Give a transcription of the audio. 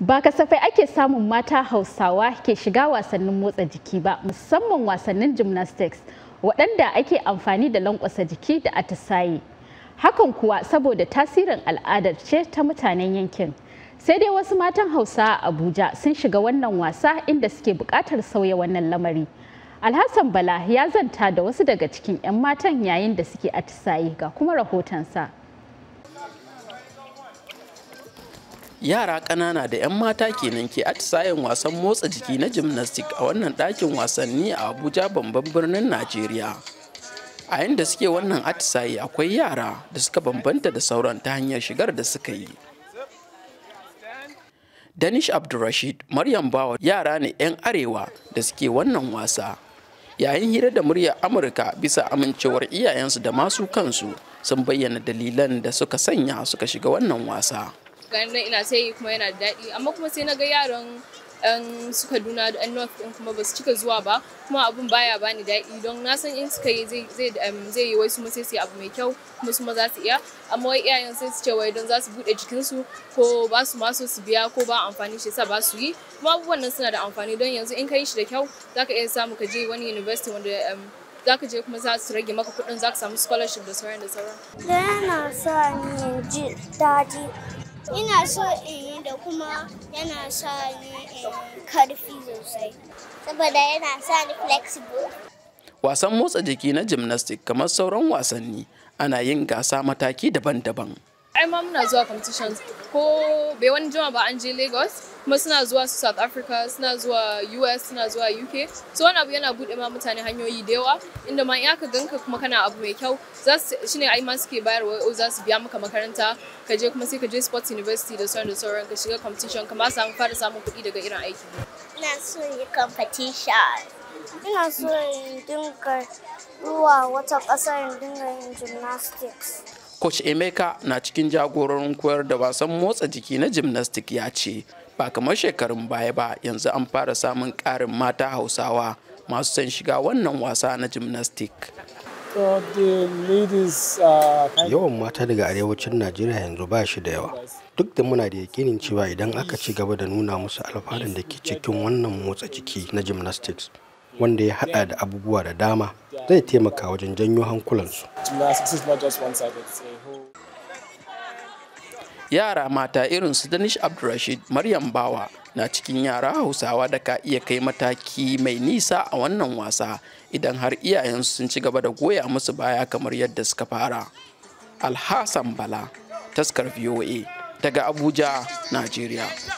Ba kasafai ake samun mata Hausawa ke shiga wasannin motsa jiki ba, musamman wasannin gymnastics, waɗanda ake amfani da lankwasa jiki da atisaye. Hakan kuwa saboda tasirin al'adar ce ta mutanen yankin. Sai dai wasu matan Hausa a Abuja sun shiga wannan wasa inda suke buƙatar sauya wannan lamari. Alhassan Bala ya zanta da wasu daga cikin 'yan matan yayin da suke atisaye ga kuma rahotonsa. yara ƙanana da 'yan mata kenan ke atisayen wasan motsa jiki na gymnastic a wannan ɗakin wasanni a abuja babban birnin najeriya a yadda suke wannan atisaye akwai yara da suka bambanta da sauran ta hanyar shigar da suka yi danish abdulrashid maryam bawa yara ne 'yan arewa da suke wannan wasa yayin hira da muryar amurka bisa amincewar iyayensu da masu kansu sun bayyana dalilan da suka sanya suka shiga wannan wasa ganin nan ina ta yi kuma yana da daɗi amma kuma sai na ga yaran yan su kaduna da yan north din kuma ba su cika zuwa ba kuma abun baya bani daɗi don na san in suka yi zai zai yi wai su ma sai su yi abu mai kyau kuma su ma za su iya amma wai iyayen sai su ce wai don za su buɗe jikinsu ko ba su ma so su biya ko ba amfani shi sa ba su yi kuma abubuwan nan suna da amfani don yanzu in ka yi shi da kyau za ka iya samu ka je wani university wanda za ka je kuma za su rage maka kuɗin za ka samu scholarship da sauran da sauran. Yana sa ni ji daɗi Ina so in yi da kuma yana sa ni karfi sosai. Saboda yana sa ni flexible. Wasan motsa jiki na gymnastic kamar sauran wasanni ana yin gasa mataki daban-daban. ai ma muna zuwa competitions ko bai wani jima ba an je Lagos kuma suna zuwa su South Africa suna zuwa US suna zuwa UK so wani abu yana bude ma mutane hanyoyi da yawa inda ma in ka ganka kuma kana abu mai kyau za su shine ai ma suke bayarwa o oh, za su biya maka makaranta ka je kuma sai ka je sports university da sauran da sauran ka shiga competition ka ma samu fara samun kuɗi daga irin aiki ina so yi competition ina so in dinga zuwa wata ƙasar in dinga yin gymnastics coach emeka na cikin jagororin koyar da wasan motsa jiki na gymnastic ya ce ba kamar shekarun baya ba yanzu an fara samun karin mata hausawa masu son shiga wannan wasa na gymnastic uh, yawan mata daga arewacin najeriya yanzu ba shi da yawa duk da muna da yakinin cewa idan aka ci gaba da nuna musu alfanun da ke cikin wannan motsa jiki na gymnastics wanda ya hada da abubuwa da dama zai taimaka wajen janyo hankulansu. Yara mata irin su Danish Abdurrashid Maryam Bawa na cikin yara Hausawa da ka iya kai mataki mai nisa a wannan wasa idan har iyayensu sun ci gaba da goya musu baya kamar yadda suka fara. Alhassan Bala, taskar VOA daga Abuja, Najeriya.